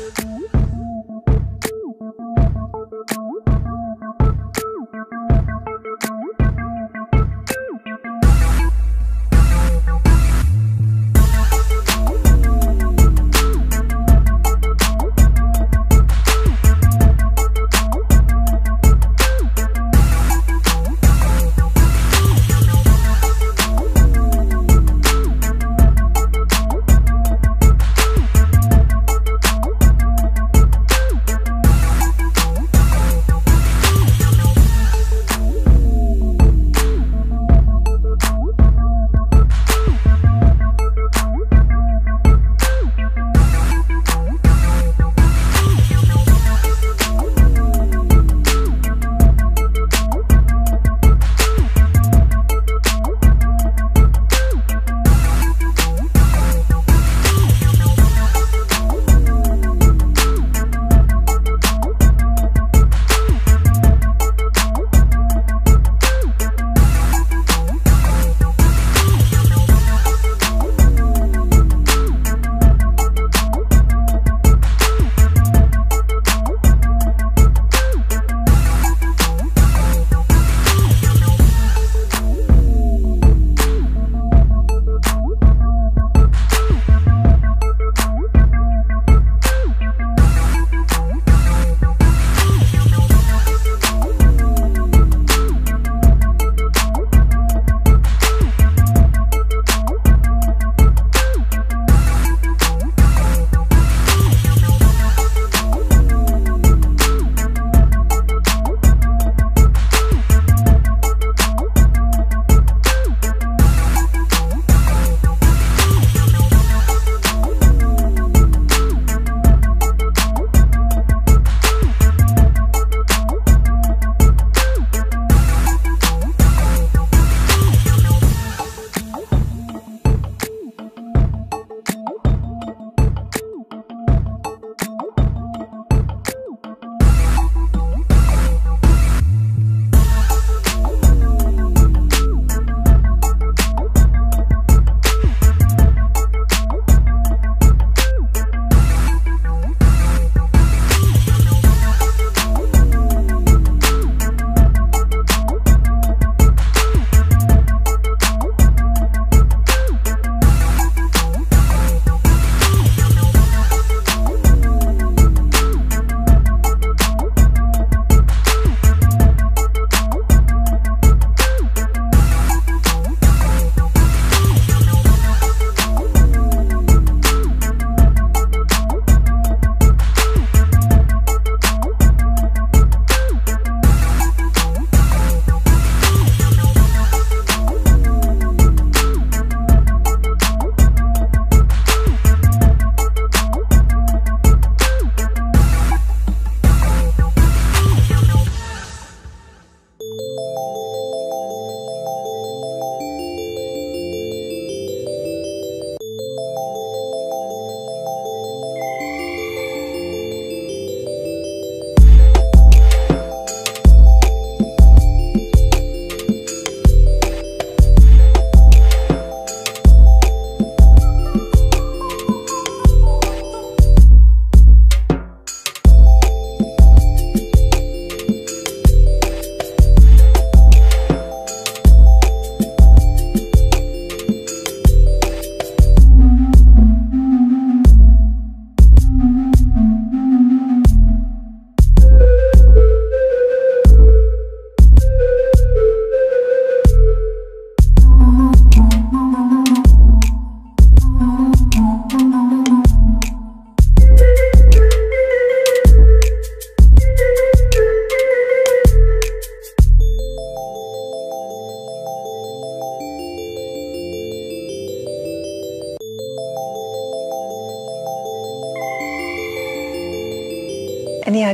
Ooh.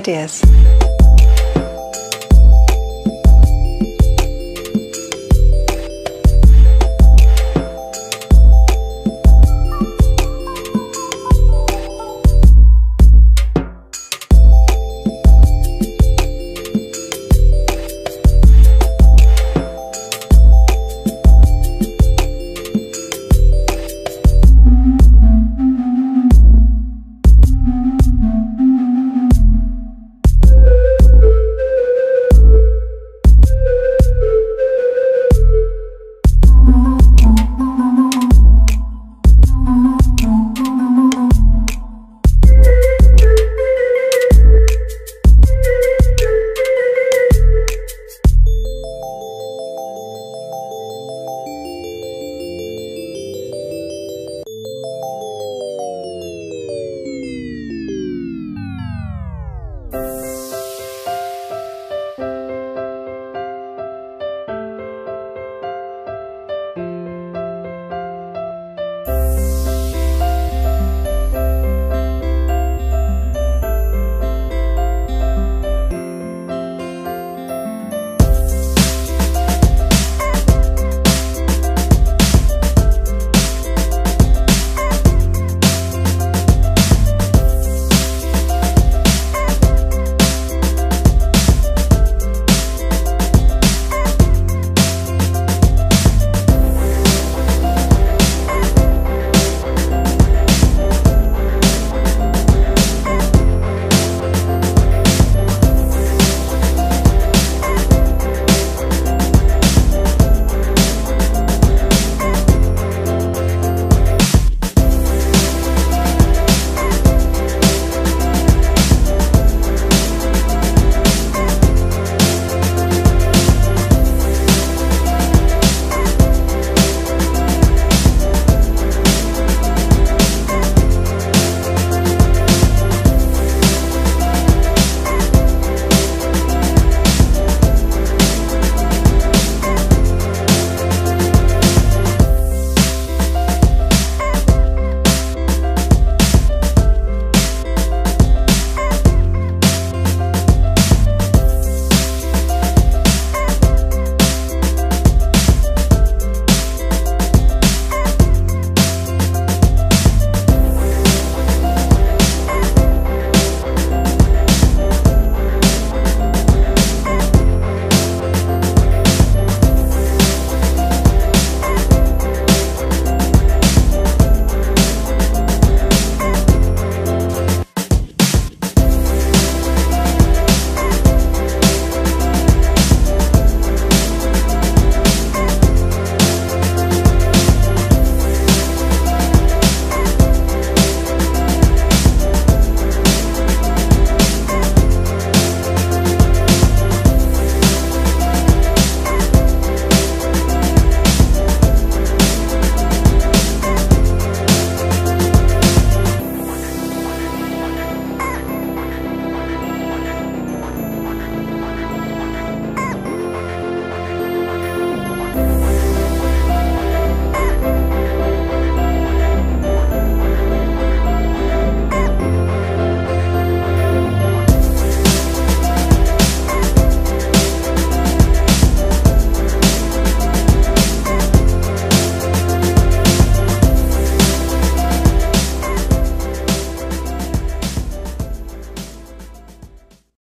ideas.